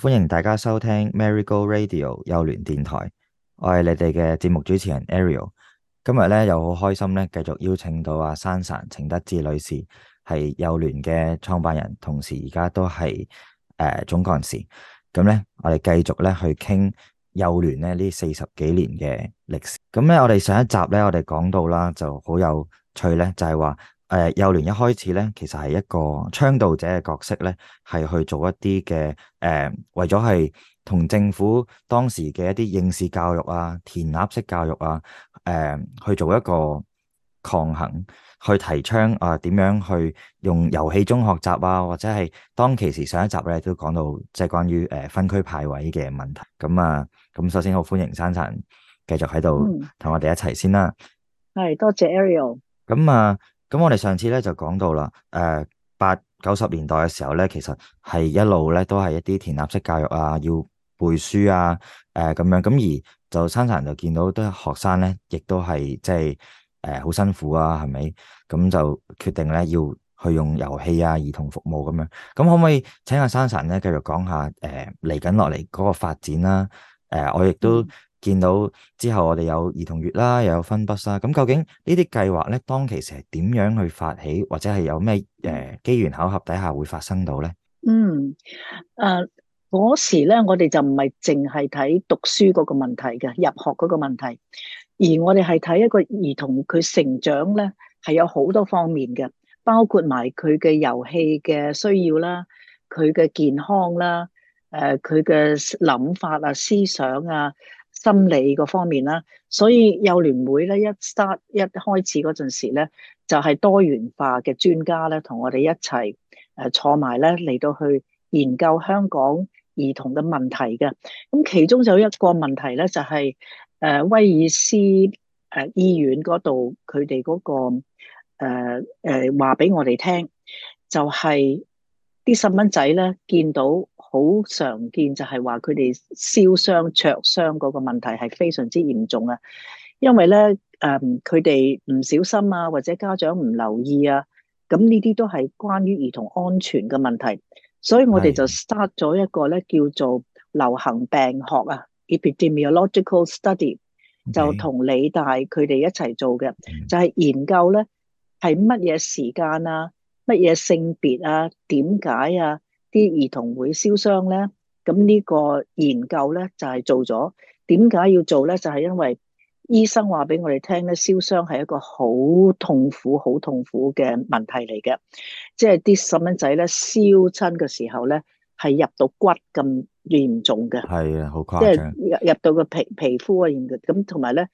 歡迎大家收聽 Marigo Radio 幼聯電台，我係你哋嘅節目主持人 Ariel，今日咧，又好開心咧，繼續邀請到阿 Sansan 程德智女士，係幼聯嘅創辦人，同時而家都係誒、呃、總幹事，咁咧我哋繼續咧去傾幼聯咧呢四十幾年嘅歷史，咁咧我哋上一集咧我哋講到啦就好有趣咧，就係、是、話。誒幼聯一開始咧，其實係一個倡導者嘅角色咧，係去做一啲嘅誒，為咗係同政府當時嘅一啲應試教育啊、填鴨式教育啊，誒、呃、去做一個抗衡，去提倡啊點、呃、樣去用遊戲中學習啊，或者係當其時上一集咧都講到，即係關於誒分區派位嘅問題。咁啊，咁首先好歡迎珊珊繼續喺度同我哋一齊先啦。係、嗯，多謝 Ariel。咁啊～咁我哋上次咧就講到啦，誒八九十年代嘅時候咧，其實係一路咧都係一啲填鴨式教育啊，要背書啊，誒、呃、咁樣，咁而就 Sansan 就見到都係學生咧，亦都係即係誒好辛苦啊，係咪？咁、嗯、就決定咧要去用遊戲啊，兒童服務咁、啊、樣。咁可唔可以請阿 Sansan 咧繼續講下，誒嚟緊落嚟嗰個發展啦、啊？誒、呃，我亦都。見到之後，我哋有兒童月啦，又有紛巴士啦。咁究竟呢啲計劃咧，當其時係點樣去發起，或者係有咩誒機緣巧合底下會發生到咧？嗯，誒嗰時咧，我哋就唔係淨係睇讀書嗰個問題嘅入學嗰個問題，而我哋係睇一個兒童佢成長咧，係有好多方面嘅，包括埋佢嘅遊戲嘅需要啦，佢嘅健康啦，誒佢嘅諗法啊，思想啊。心理個方面啦，所以幼聯會咧一 start 一開始嗰陣時咧，就係多元化嘅專家咧，同我哋一齊誒坐埋咧嚟到去研究香港兒童嘅問題嘅。咁其中就有一個問題咧，就係誒威爾斯誒醫院嗰度佢哋嗰個誒誒話俾我哋聽，就係啲細蚊仔咧見到。好常見就係話佢哋燒傷灼傷嗰個問題係非常之嚴重啊！因為咧，誒佢哋唔小心啊，或者家長唔留意啊，咁呢啲都係關於兒童安全嘅問題。所以我哋就 start 咗一個咧叫做流行病學啊 （epidemiological study），就同理大佢哋一齊做嘅，Okay. 就係研究咧係乜嘢時間啊、乜嘢性別啊、點解啊？啲兒童會燒傷咧，咁呢個研究咧就係做咗。點解要做咧？就係因為醫生話俾我哋聽咧，燒傷係一個好痛苦、好痛苦嘅問題嚟嘅。即係啲細蚊仔咧燒親嘅時候咧，係入到骨咁嚴重嘅。係啊，好誇張。即係入入到個皮皮膚啊，咁同埋咧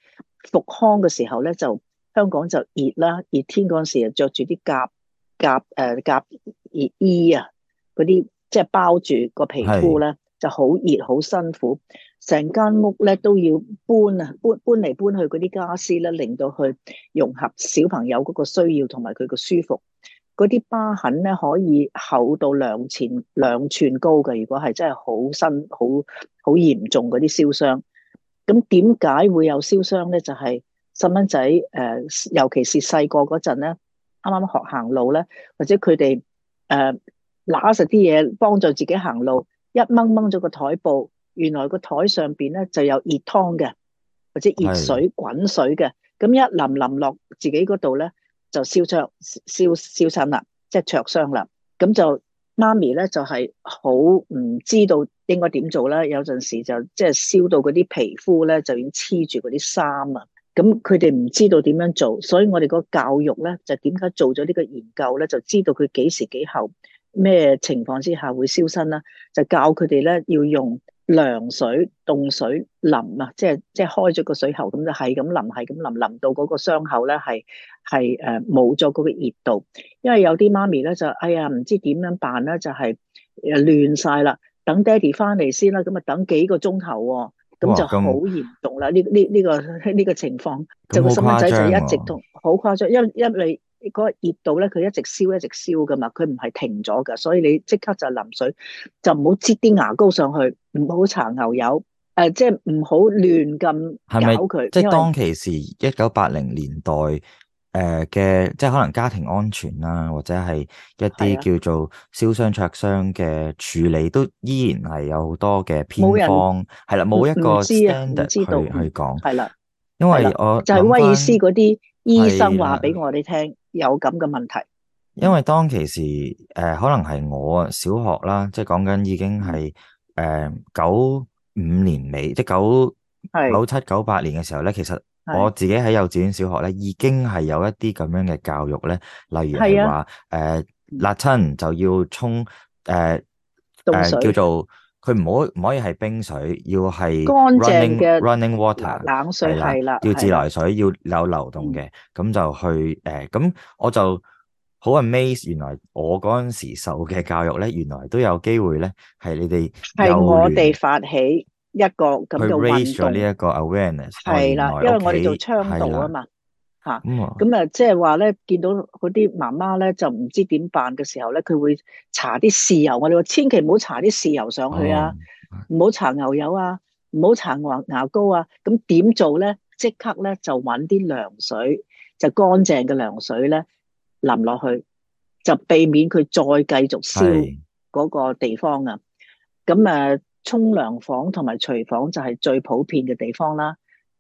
復康嘅時候咧，就香港就熱啦，熱天嗰陣時啊，著住啲夾夾誒夾熱衣啊。嗰啲即係包住個皮膚咧，是就好熱好辛苦，成間屋咧都要搬啊，搬搬嚟搬去嗰啲傢俬咧，令到佢融合小朋友嗰個需要同埋佢個舒服。嗰啲疤痕咧可以厚到兩寸兩寸高嘅，如果係真係好新、好好嚴重嗰啲燒傷。咁點解會有燒傷咧？就係細蚊仔誒、呃，尤其是細個嗰陣咧，啱啱學行路咧，或者佢哋誒。呃拿實啲嘢幫助自己行路，一掹掹咗個台布，原來個台上面咧就有熱湯嘅，或者熱水滾水嘅，咁的一淋淋落自己嗰度咧就燒灼燒燒親啦，即灼傷啦。咁就媽咪咧就係好唔知道應該點做啦。有陣時就即、就係、燒到嗰啲皮膚咧就已經黐住嗰啲衫啊。咁佢哋唔知道點樣做，所以我哋個教育咧就點、係、解做咗呢個研究咧，就知道佢幾時幾後咩情況之下會燒身啦？就教佢哋咧要用涼水、凍水淋啊，即係即係開咗個水喉咁就係咁淋，係咁淋淋到嗰個傷口咧，係係誒冇咗嗰個熱度。因為有啲媽咪咧就哎呀唔知點樣辦咧，就係、是、誒亂晒啦，等爹哋翻嚟先啦，咁啊等幾個鐘頭喎，咁就好嚴重啦。呢呢呢個呢、呢個呢個情況，咁冇誇張啊！好誇張，因為因為你。個熱度咧，佢一直燒一直燒噶嘛，佢唔係停咗噶，所以你即刻就淋水，就唔好擠啲牙膏上去，唔好搽牛油，誒，即係唔好亂咁搞佢。即係當其時一九八零年代誒嘅，即係可能家庭安全啦、啊，或者係一啲叫做燒傷灼傷嘅處理，都依然係有好多嘅偏方。冇啦人，冇一個 standard 知道知道去講。係啦，的因為的我就係威爾斯嗰啲醫生話俾我哋的聽。有咁嘅問題，因為當其時誒、呃，可能係我小學啦，即係講緊已經係誒九五年尾，即係九九七九八年嘅時候咧，其實我自己喺幼稚園、小學咧，已經係有一啲咁樣嘅教育咧，例如係話誒，辣親、啊呃、就要沖誒誒叫做。佢唔好唔可以係冰水，要係乾淨嘅 running water，冷水係啦，要自來水，要有流動嘅，咁就去誒。咁我就好 amazed。原來我嗰陣時受嘅教育咧，原來都有機會咧，係你哋係我哋發起一個咁嘅運動。去 raise 咗呢一個 awareness，係啦，因為我哋做倡導啊嘛。嚇！咁啊，即係話咧，見到嗰啲媽媽咧，就唔知點辦嘅時候咧，佢會搽啲豉油。我哋話千祈唔好搽啲豉油上去啊，唔好搽牛油啊，唔好搽牙膏啊。咁點做咧？即刻咧就揾啲涼水，就乾淨嘅涼水咧淋落去，就避免佢再繼續燒嗰個地方啊。咁啊，沖涼房同埋廚房就係最普遍嘅地方啦。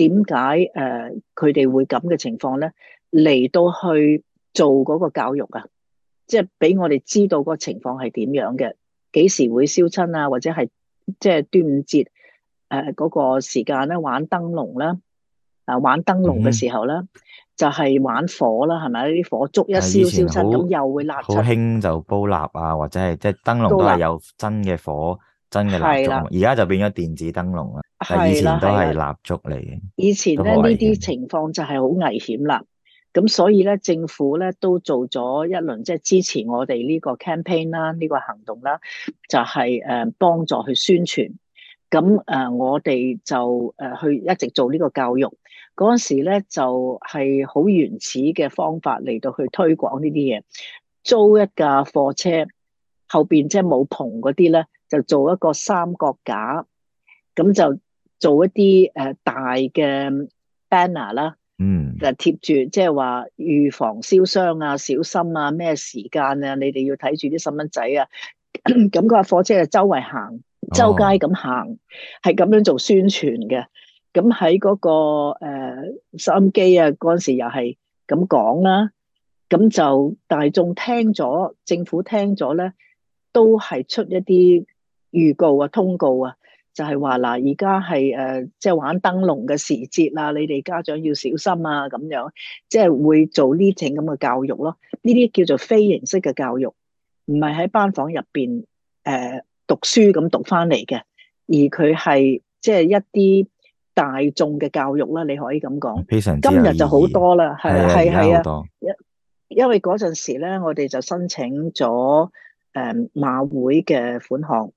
點解誒佢哋會咁嘅情況咧，嚟到去做嗰個教育啊？即係俾我哋知道個情況係點樣嘅？幾時會燒親啊？或者係即係端午節誒嗰個時間咧玩燈籠啦啊，玩燈籠嘅時候咧就係玩火啦，係咪啲火燭一燒燒親咁又會爛，好興就煲蠟啊，或者係即係燈籠都係有真嘅火真嘅蠟，而家就變咗電子燈籠啦。係啦，都係蠟燭嚟嘅以前咧呢啲情況就係好危險啦，咁所以咧政府咧都做咗一輪，即係支持我哋呢個 campaign 啦，呢個行動啦，就係誒幫助去宣傳。咁誒我哋就誒去一直做呢個教育。嗰陣時咧就係、是、好原始嘅方法嚟到去推廣呢啲嘢，租一架貨車後邊，即係冇篷嗰啲咧就做一個三角架，咁就。做一啲、呃、大嘅 banner 啦，嗯，貼就貼住，即係話預防燒傷啊、小心啊、咩時間啊，你哋要睇住啲細蚊仔啊。咁嗰架火車就周圍行周街咁行，係咁、哦、樣做宣傳嘅。咁喺嗰個、呃、收音機啊，嗰陣時又係咁講啦。咁就大眾聽咗，政府聽咗咧，都係出一啲預告啊、通告啊。就係話嗱，而家係誒，即係玩燈籠嘅時節啊，你哋家長要小心啊，咁樣即係會做呢種咁嘅教育咯。呢啲叫做非形式嘅教育，唔係喺班房入邊誒讀書咁讀翻嚟嘅，而佢係即係一啲大眾嘅教育啦。你可以咁講。非常之有意義。今日就好多啦，係係係啊，啊啊，因為嗰陣時咧，我哋就申請咗誒、呃、馬會嘅款項。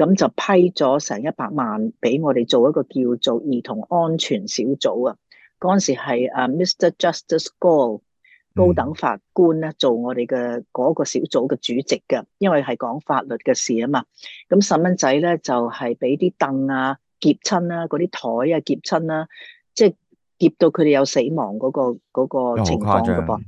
咁就批咗成一百萬俾我哋做一個叫做兒童安全小組啊！嗰陣時係 Mr Justice Gore 高等法官咧做我哋嘅嗰個小組嘅主席嘅，因為係講法律嘅事啊嘛。咁細蚊仔咧就係俾啲凳啊、夾親啦、嗰啲台啊、夾親啦。跌到佢哋有死亡嗰個嗰個情況嘅噃，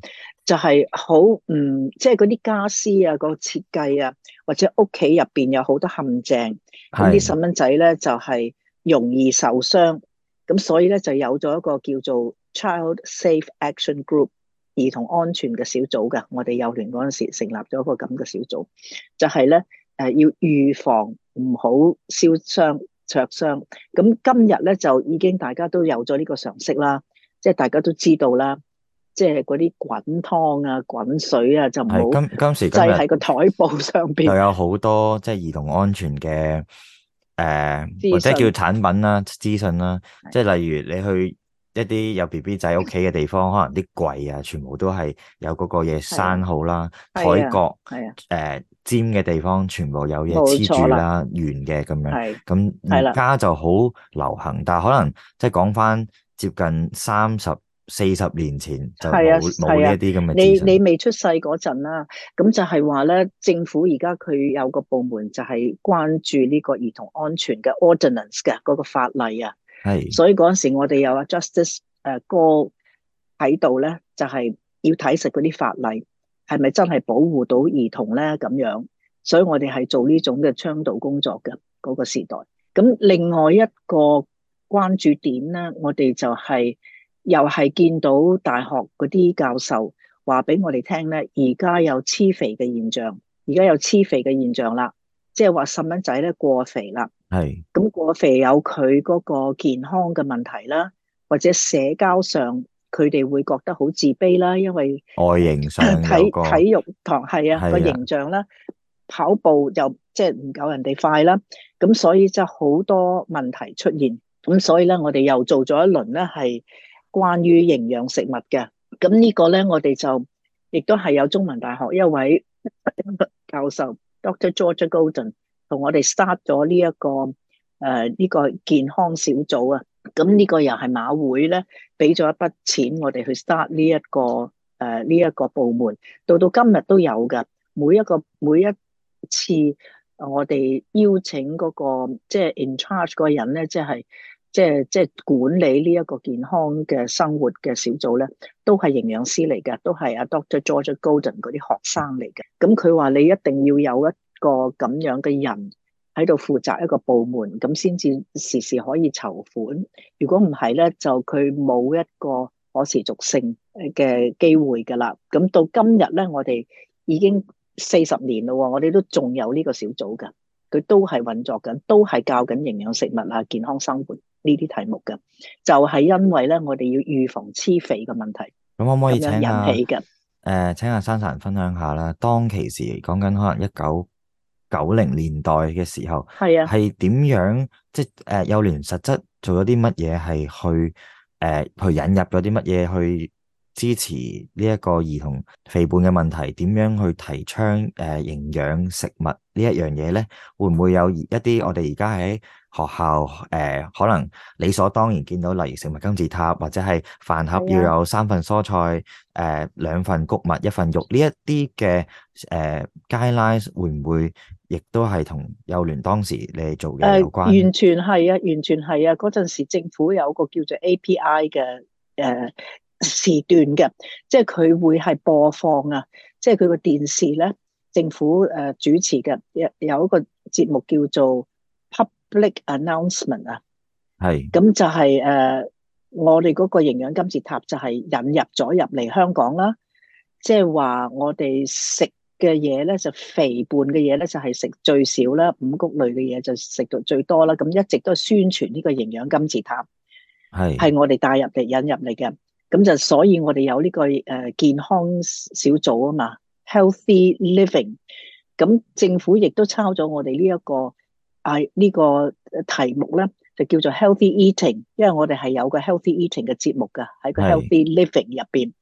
就係好嗯，即係嗰啲家私啊，個設計啊，或者屋企入邊有好多陷阱，咁啲細蚊仔咧就係容易受傷，咁所以咧就有咗一個叫做 Child Safe Action Group 兒童安全嘅小組嘅，我哋幼聯嗰陣時成立咗一個咁嘅小組，就係咧誒要預防唔好燒傷。灼傷，咁今日咧就已經大家都有咗呢個常識啦，即係大家都知道啦，即係嗰啲滾湯啊、滾水啊，就唔今好制喺個台布上邊。又有好多即係兒童安全嘅誒，呃、訊或者叫產品啦、資訊啦，即係例如你去一啲有 BB 仔屋企嘅地方，的可能啲櫃啊，全部都係有嗰個嘢生蠔啦、的海角係啊，誒。尖嘅地方全部有嘢黐住啦，圓嘅咁樣，咁而家就好流行，的但係可能即係講翻接近三十四十年前的就冇冇呢啲咁嘅。你你未出世嗰陣啦，咁就係話咧，政府而家佢有個部門就係關注呢個兒童安全嘅 ordinance 嘅嗰個法例啊，係的，所以嗰陣時我哋有 Justice 誒、呃、哥喺度咧，就係、是、要睇實嗰啲法例。係咪真係保護到兒童咧？咁樣，所以我哋係做呢種嘅倡導工作嘅嗰個時代。咁另外一個關注點咧，我哋就係又係見到大學嗰啲教授話俾我哋聽咧，而家有黐肥嘅現象，而家有黐肥嘅現象啦，即係話細蚊仔咧過肥啦。係，咁過肥有佢嗰個健康嘅問題啦，或者社交上。佢哋會覺得好自卑啦，因為外形上體體育堂係啊個形象啦，跑步又即係唔夠人哋快啦，咁所以就好多問題出現。咁所以咧，我哋又做咗一輪咧，係關於營養食物嘅。咁呢個咧，我哋就亦都係有中文大學一位教授 Dr. George Golden 同我哋 start 咗呢一個誒呢個健康小組啊。咁呢個又係馬會咧，俾咗一筆錢我哋去 start 呢一個誒呢一個部門，到到今日都有噶。每一個每一次我哋邀請嗰個即係 in charge 嗰個人咧，即係即係即係管理呢一個健康嘅生活嘅小組咧，都係營養師嚟嘅，都係阿 Doctor George Golden 嗰啲學生嚟嘅。咁佢話你一定要有一個咁樣嘅人。喺度負責一個部門，咁先至時時可以籌款。如果唔係咧，就佢冇一個可持續性嘅機會噶啦。咁到今日咧，我哋已經四十年啦，我哋都仲有呢個小組噶，佢都係運作緊，都係教緊營養食物啊、健康生活呢啲題目噶。就係因為咧，我哋要預防痴肥嘅問題。咁可唔可以請？引起嘅誒，請阿珊珊分享下啦。當其時講緊可能一九。九零年代嘅時候係啊，係點的樣，即係誒幼聯實質做咗啲乜嘢？係去誒去引入咗啲乜嘢去支持呢一個兒童肥胖嘅問題？點樣去提倡誒、呃、營養食物一呢一樣嘢咧？會唔會有一啲我哋而家喺學校誒、呃、可能理所當然見到，例如食物金字塔或者係飯盒要有三份蔬菜、誒的、呃、兩份穀物、一份肉呢一啲嘅誒 guideline 會唔會？亦都係同幼聯當時你做嘅有關、呃，完全係啊，完全係啊！嗰陣時政府有個叫做 API 嘅誒、呃、時段嘅，即係佢會係播放啊，即係佢個電視咧，政府誒、呃、主持嘅有有一個節目叫做 Public Announcement 啊是，係咁就係、是、誒、呃，我哋嗰個營養金字塔就係引入咗入嚟香港啦，即係話我哋食。嘅嘢咧就肥胖嘅嘢咧就係食最少啦，五谷類嘅嘢就食到最多啦。咁一直都係宣傳呢個營養金字塔，係係是我哋帶入嚟引入嚟嘅。咁就所以我哋有呢個誒健康小組啊嘛，healthy living。咁政府亦都抄咗我哋呢一個誒呢個題目咧，就叫做 healthy eating。因為我哋係有個 healthy eating 嘅節目噶，喺個 healthy living 入邊。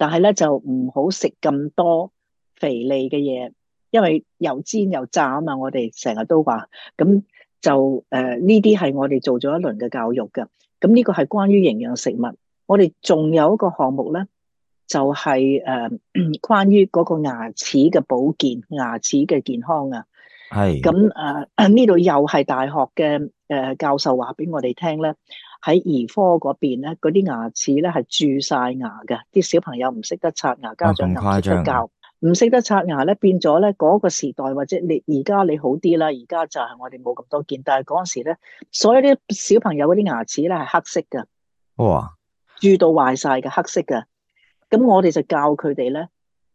但係咧，就唔好食咁多肥膩嘅嘢，因為又煎又炸啊嘛！我哋成日都話，咁就誒呢啲係我哋做咗一輪嘅教育嘅。咁呢個係關於營養食物。我哋仲有一個項目咧，就係、是、誒、呃、關於嗰個牙齒嘅保健、牙齒嘅健康啊。係的。咁誒呢度又係大學嘅誒、呃、教授話俾我哋聽咧。喺兒科嗰邊咧，嗰啲牙齒咧係蛀晒牙嘅，啲小朋友唔識得刷牙，家長又唔識得教，唔識、啊啊、得刷牙咧，變咗咧嗰個時代或者你而家你好啲啦，而家就係我哋冇咁多見，但係嗰陣時咧，所有啲小朋友嗰啲牙齒咧係黑色嘅，哇，蛀到壞晒嘅黑色嘅，咁我哋就教佢哋咧，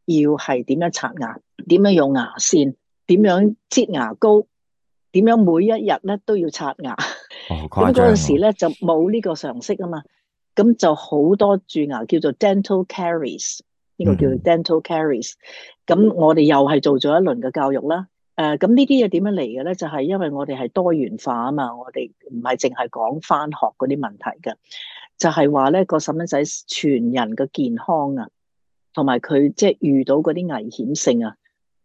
要係點樣刷牙，點樣用牙線，點樣擠牙膏，點樣每一日咧都要刷牙。咁嗰陣時咧就冇呢個常識啊嘛，咁就好多蛀牙叫做 dental caries，呢個叫做 dental caries。咁、嗯、我哋又係做咗一輪嘅教育啦。誒、呃，咁呢啲嘢點樣嚟嘅咧？就係、是、因為我哋係多元化啊嘛，我哋唔係淨係講翻學嗰啲問題㗎。就係話咧個細蚊仔全人嘅健康啊，同埋佢即係遇到嗰啲危險性啊。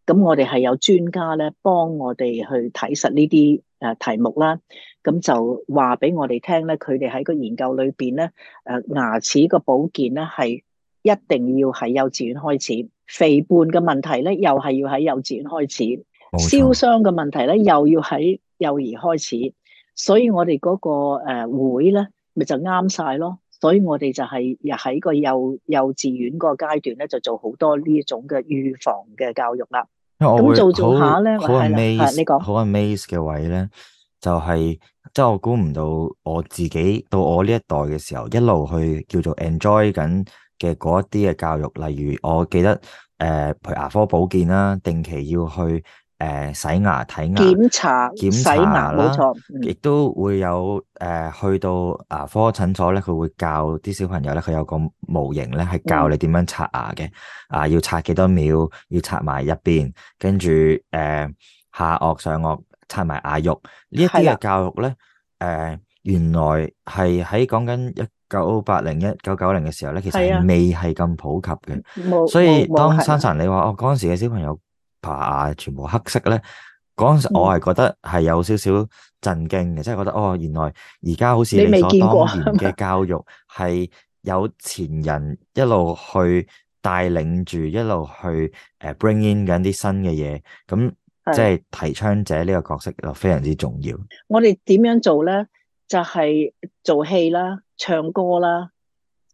咁我哋係有專家咧，幫我哋去睇實呢啲誒題目啦。咁就話俾我哋聽咧，佢哋喺個研究裏邊咧，誒、呃、牙齒個保健咧係一定要喺幼稚園開始，肥胖嘅問題咧又係要喺幼稚園開始，燒傷嘅問題咧又要喺幼兒開始。所以我哋嗰、嗰個誒、呃、會咧，咪就啱晒咯。所以我哋就係入喺個幼幼稚園嗰個階段咧，就做好多呢種嘅預防嘅教育啦。咁做做下咧，好 amaze，好 amaze 嘅位咧，就係即係我估唔到我自己到我呢一代嘅時候，一路去叫做 enjoy 緊嘅嗰一啲嘅教育，例如我記得誒，譬如、呃、牙科保健啦，定期要去。誒、呃，洗牙睇牙檢查，檢查啦，冇錯查。亦、嗯、都會有誒、呃，去到牙、啊、科診所咧，佢會教啲小朋友咧，佢有個模型咧，係教你點樣刷牙嘅。嗯、啊，要刷幾多秒，要刷埋入邊，跟住誒下顎上顎刷埋牙肉呢一啲嘅教育咧，誒是的、呃、原來係喺講緊一九八零一九九零嘅時候咧，其實，是的 其實未係咁普及嘅。是的 所以當生神你話哦，嗰陣時嘅小朋友。爬牙全部黑色咧，嗰陣時我係覺得係有少少震驚嘅，嗯、即係覺得哦，原來而家好似理所當然嘅教育係有前人一路去帶領住，一路去誒 bring in 緊啲新嘅嘢，咁、嗯、即係提倡者呢個角色就非常之重要。我哋點樣做咧？就係、是、做戲啦，唱歌啦，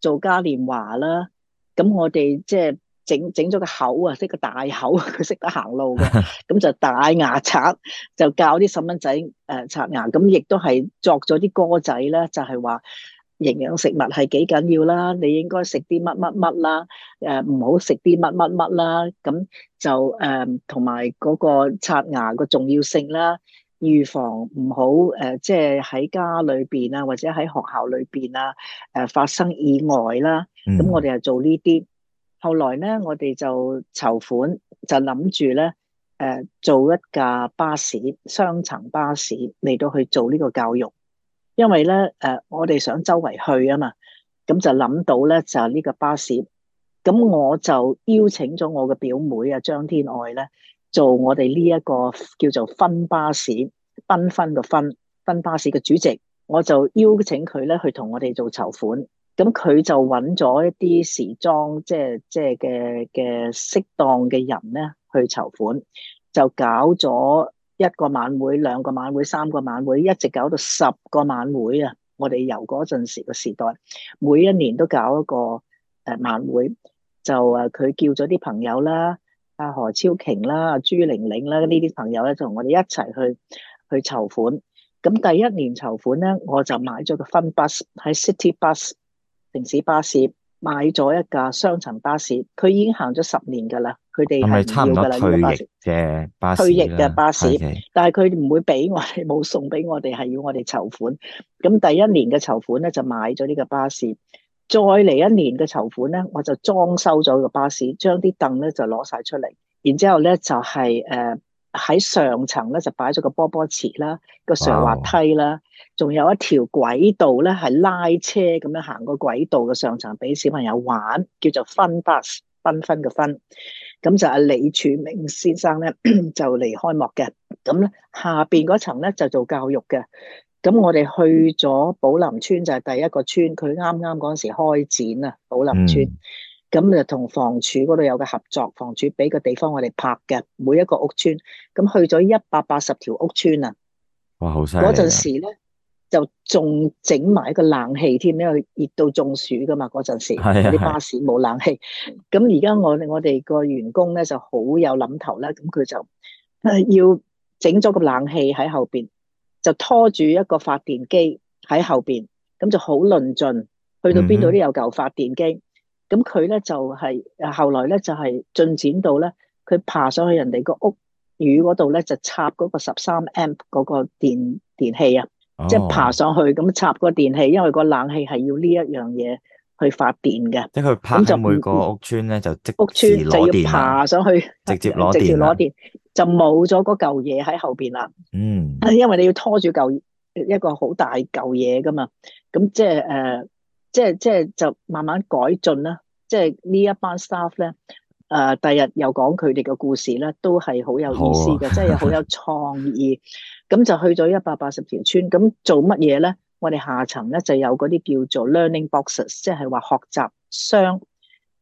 做嘉年華啦，咁我哋即係。整整咗個口啊，即係個大口，佢識得行路嘅，咁就大牙刷就教啲細蚊仔誒刷牙，咁亦都係作咗啲歌仔咧，就係話營養食物係幾緊要啦，你應該食啲乜乜乜啦，誒唔好食啲乜乜乜啦，咁就誒同埋嗰個刷牙個重要性啦，預防唔好誒，即係喺家裏邊啊，或者喺學校裏邊啊，誒發生意外啦，咁我哋就做呢啲。後來咧，我哋就籌款，就諗住咧，誒，做一架巴士，雙層巴士嚟到去做呢個教育，因為咧，誒，我哋想周圍去啊嘛，咁就諗到咧就係呢個巴士，咁我就邀請咗我嘅表妹啊張天愛咧做我哋呢一個叫做紛巴士，繽紛嘅紛紛，紛巴士嘅主席，我就邀請佢咧去同我哋做籌款。咁佢就揾咗一啲時裝，即係即係嘅嘅適當嘅人咧，去籌款，就搞咗一個晚會、兩個晚會、三個晚會，一直搞到十個晚會啊！我哋由嗰陣時個時代，每一年都搞一個誒晚會，就誒佢叫咗啲朋友啦，阿何超瓊啦、阿朱玲玲啦呢啲朋友咧，就同我哋一齊去去籌款。咁第一年籌款咧，我就買咗個 Fun Bus 喺 City Bus。城市巴士買咗一架雙層巴士，佢已經行咗十年噶啦。佢哋係唔要噶啦，退役嘅巴士。的不不退役嘅巴、巴士，Okay. 但係佢唔會俾我哋，冇送俾我哋，係要我哋籌款。咁第一年嘅籌款咧，就買咗呢個巴士。再嚟一年嘅籌款咧，我就裝修咗個巴士，將啲凳咧就攞晒出嚟，然之後咧就係、是、誒。呃喺上層咧就擺咗個波波池啦，個上滑梯啦，仲 Wow. 有一條軌道咧，係拉車咁樣行個軌道嘅上層俾小朋友玩，叫做 Fun Bus，繽紛嘅紛。咁就阿李柱銘先生咧 就嚟開幕嘅。咁咧下邊嗰層咧就做教育嘅。咁我哋去咗寶林村就係、是、第一個村，佢啱啱嗰陣時開展啊，寶林村。Mm. 咁就同房署嗰度有嘅合作，房署俾個地方我哋拍嘅每一個屋村。咁去咗一百八十條屋村啊！哇，好犀利！嗰陣時咧就仲整埋一個冷氣添，因為熱到中暑噶嘛嗰陣時，啲巴士冇冷氣。咁而家我我哋個員工咧就好有諗頭啦，咁佢就要整咗個冷氣喺後邊，就拖住一個發電機喺後邊，咁就好論盡，去到邊度都有嚿發電機。咁佢咧就係、是，後來咧就係、是、進展到咧，佢爬上去人哋個屋宇嗰度咧，就插嗰個十三 amp 嗰個電電器啊，即係、哦、爬上去咁插個電器，因為個冷氣係要呢一樣嘢去發電嘅。即係佢爬每個屋村咧，就直不接屋村就要爬上去，直接直接攞電，啊、就冇咗嗰嚿嘢喺後邊啦。嗯，因為你要拖住嚿一個好大嚿嘢噶嘛，咁即係誒。呃即係即係就慢慢改進啦。即係呢一班 staff 咧，誒、呃、第日，日又講佢哋嘅故事咧，都係好有意思嘅，oh. 即係好有創意。咁就去咗一百八十條村，咁做乜嘢咧？我哋下層咧就有嗰啲叫做 learning boxes，即係話學習箱，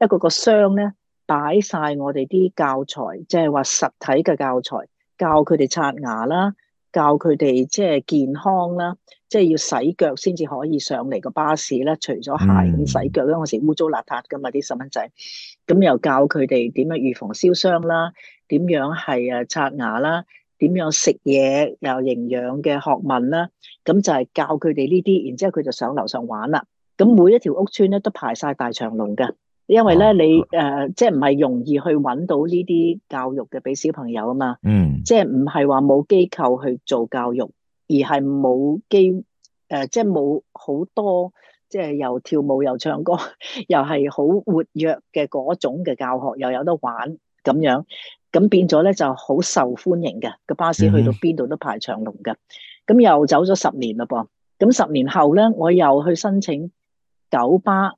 一個個箱咧擺晒我哋啲教材，即係話實體嘅教材，教佢哋刷牙啦，教佢哋即係健康啦。即係要洗腳先至可以上嚟個巴士咧，除咗鞋，咁洗腳咧，嗰陣時污糟邋遢噶嘛啲細蚊仔，咁又教佢哋點樣預防燒傷啦，點樣係誒刷牙啦，點樣食嘢又營養嘅學問啦，咁就係教佢哋呢啲，然之後佢就上樓上玩啦。咁每一條屋村咧都排晒大長龍噶，因為咧、啊、你誒、呃、即係唔係容易去揾到呢啲教育嘅俾小朋友啊嘛，嗯，即係唔係話冇機構去做教育。而係冇機誒，即係冇好多，即係又跳舞又唱歌，又係好活躍嘅嗰種嘅教學，又有得玩咁樣，咁變咗咧就好受歡迎嘅。個巴士去到邊度都排長龍嘅，咁、mm hmm. 又走咗十年啦噃。咁十年後咧，我又去申請九巴，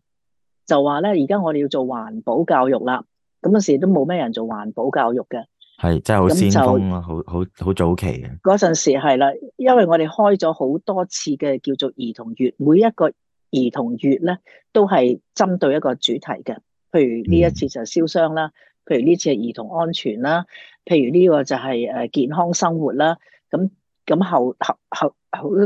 就話咧，而家我哋要做環保教育啦。咁陣時都冇咩人做環保教育嘅。係真係好先鋒啊，好好好早期嘅。嗰陣時係啦，因為我哋開咗好多次嘅，叫做兒童月，每一個兒童月咧都係針對一個主題嘅。譬如呢一次就燒傷啦，嗯、譬如呢次係兒童安全啦，譬如呢個就係誒健康生活啦。咁咁後後後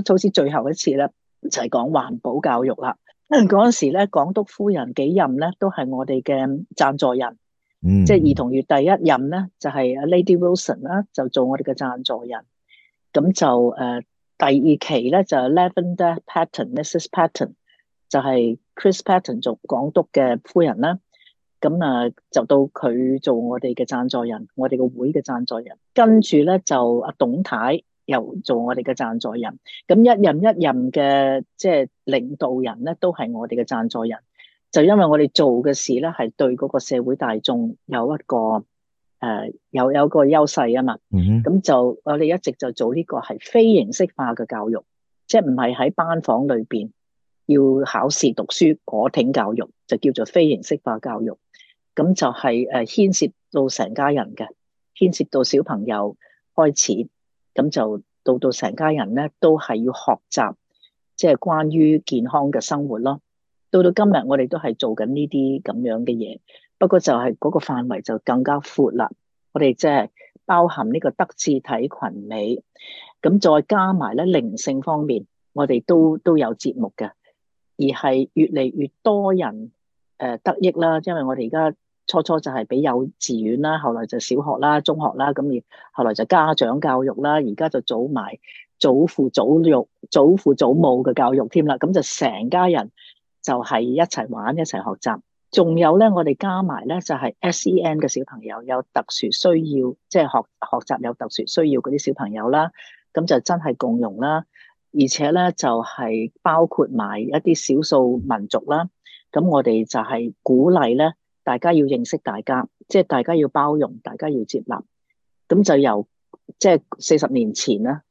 好似最後一次咧就係講環保教育啦。嗰陣時咧港督夫人幾任咧都係我哋嘅贊助人。嗯、即係兒童月第一任咧，就係、是、阿 Lady Wilson 啦，就做我哋嘅贊助人。咁就誒、呃，第二期咧就 Lavender Patton，Mrs Patton 就係 Chris Patton 做港督嘅夫人啦。咁啊，就到佢做我哋嘅贊助人，我哋個會嘅贊助人。跟住咧就阿董太太又做我哋嘅贊助人。咁一任一任嘅即係領導人咧，都係我哋嘅贊助人。就因為我哋做嘅事咧，係對嗰個社會大眾有一個誒、呃、有有個優勢啊嘛。咁、嗯、哼就我哋一直就做呢個係非形式化嘅教育，即係唔係喺班房裏邊要考試讀書裹挺教育，就叫做非形式化教育。咁就係誒牽涉到成家人嘅，牽涉到小朋友開始，咁就到到成家人咧都係要學習，即、就、係、是、關於健康嘅生活咯。到到今日，我哋都係做緊呢啲咁樣嘅嘢，不過就係嗰個範圍就更加闊啦。我哋即係包含呢個德智體群美，咁再加埋咧靈性方面我，我哋都都有節目嘅，而係越嚟越多人誒得益啦。因為我哋而家初初就係俾幼稚園啦，後來就小學啦、中學啦，咁而後來就家長教育啦，而家就組埋祖父祖育、祖父祖母嘅教育添啦，咁就成家人。就係一齊玩一齊學習，仲有咧，我哋加埋咧就係 SEN 嘅小朋友有特殊需要，即係學學習有特殊需要嗰啲小朋友啦，咁就真係共融啦。而且咧就係包括埋一啲少數民族啦，咁我哋就係鼓勵咧，大家要認識大家，即係大家要包容，大家要接納。咁就由即係四十年前啦，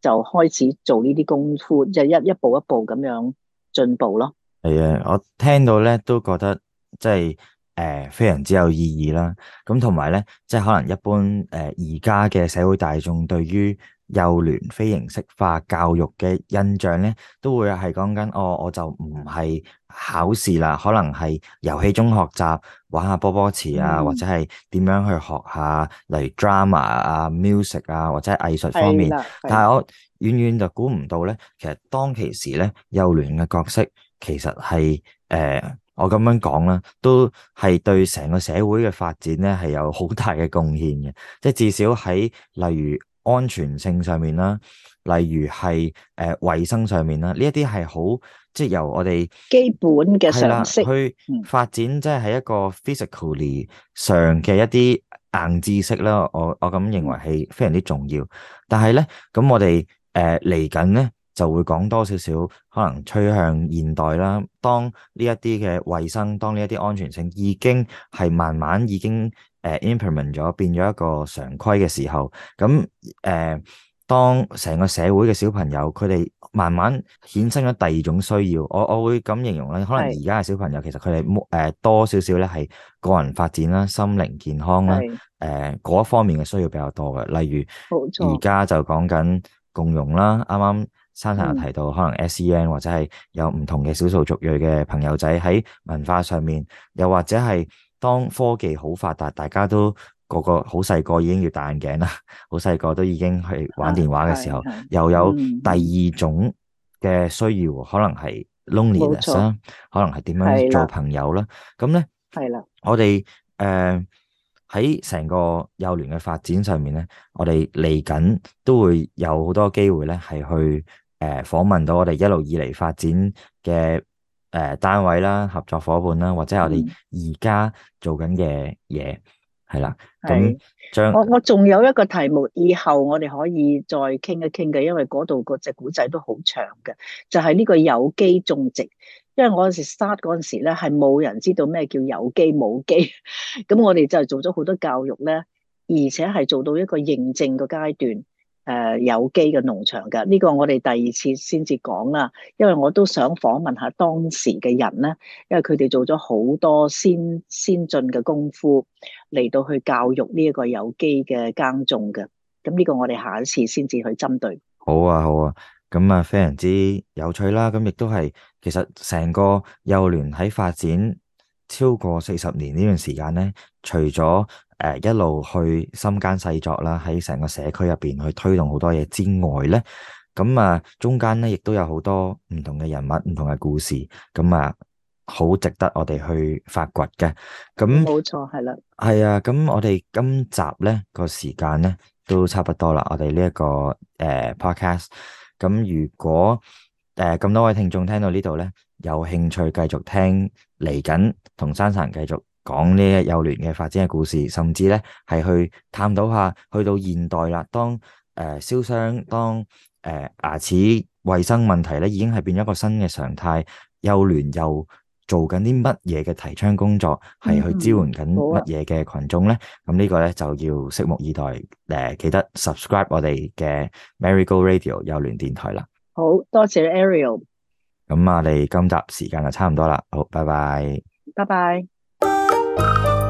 就開始做呢啲功夫，即係一一步一步咁樣進步咯。係啊，我聽到咧都覺得即係誒、呃，非常之有意義啦。咁同埋咧，即係可能一般誒而家嘅社會大眾對於幼聯非形式化教育嘅印象咧，都會係講緊哦，我就唔係考試啦，可能係遊戲中學習，玩下波波池啊，嗯，或者係點樣去學下，例如 drama 啊、music 啊或者藝術方面。但係我遠遠就估唔到咧，其實當其時咧，幼聯嘅角色。其實係誒，我咁樣講啦，都係對成個社會嘅發展咧，係有好大嘅貢獻嘅。即係至少喺例如安全性上面啦，例如係誒衛生上面啦，呢一啲係好即係由我哋基本嘅常識去發展，即係一個 physically 上嘅一啲硬知識啦。我我咁認為係非常之重要。但係咧，咁我哋誒嚟緊咧。呃就會講多少少，可能趨向現代啦。當呢一啲嘅衞生，當呢一啲安全性已經係慢慢已經誒 implement 咗，變咗一個常規嘅時候，咁誒、呃，當成個社會嘅小朋友，佢哋慢慢衍生咗第二種需要。我我會咁形容咧，可能而家嘅小朋友是其實佢哋誒多少少咧係個人發展啦、心靈健康啦、誒嗰一方面嘅需要比較多嘅。例如而家錯就講緊共融啦，啱啱。Sansan 又提到，可能 S.E.N. 或者係有唔同嘅少數族裔嘅朋友仔喺文化上面，又或者係當科技好發達，大家都個個好細個已經要戴眼鏡啦，好細個都已經去玩電話嘅時候，係係係又有第二種嘅需要，嗯、可能係 loneliness 啦冇錯，可能係點樣做朋友啦。咁咧，係啦，我哋誒喺成個幼聯嘅發展上面咧，我哋嚟緊都會有好多機會咧，係去。誒，訪問到我哋一路以嚟發展嘅誒、呃、單位啦，合作夥伴啦，或者我哋而家做緊嘅嘢，係啦。咁將，我我仲有一個題目，以後我哋可以再傾一傾嘅，因為嗰度嗰隻古仔都好長嘅，就係、是、呢個有機種植。因為我嗰陣時 start 嗰陣時咧，係冇人知道咩叫有機、冇機。咁我哋就係做咗好多教育咧，而且係做到一個認證嘅階段。誒有機嘅農場㗎，呢個我哋第二次先至講啦，因為我都想訪問下當時嘅人啦，因為佢哋做咗好多先先進嘅功夫嚟到去教育呢一個有機嘅耕種嘅，咁呢個我哋下一次先至去針對。好啊，好啊，咁啊非常之有趣啦，咁亦都係其實成個幼聯喺發展超過四十年呢段時間咧，除咗誒，一路去深耕細作啦，喺成個社區入邊去推動好多嘢之外咧，咁啊中間咧亦都有好多唔同嘅人物、唔同嘅故事，咁啊好值得我哋去發掘嘅。咁冇錯，係啦，係啊。咁我哋今集咧個時間咧都差不多啦。我哋呢一個誒 podcast，咁如果誒咁多位聽眾聽到呢度咧，有興趣繼續聽嚟緊同珊珊繼續。講呢個幼聯嘅發展嘅故事，甚至咧係去探討下，去到現代啦，當誒燒傷、當誒牙齒衛生問題咧，已經係變咗一個新嘅常態。幼聯又做緊啲乜嘢嘅提倡工作，係去支援緊乜嘢嘅群眾咧？咁呢個咧就要拭目以待。誒，記得 subscribe 我哋嘅 MaryGo Radio 幼聯電台啦。好多謝 Ariel。咁啊，你今集時間就差唔多啦。好，拜拜。拜拜。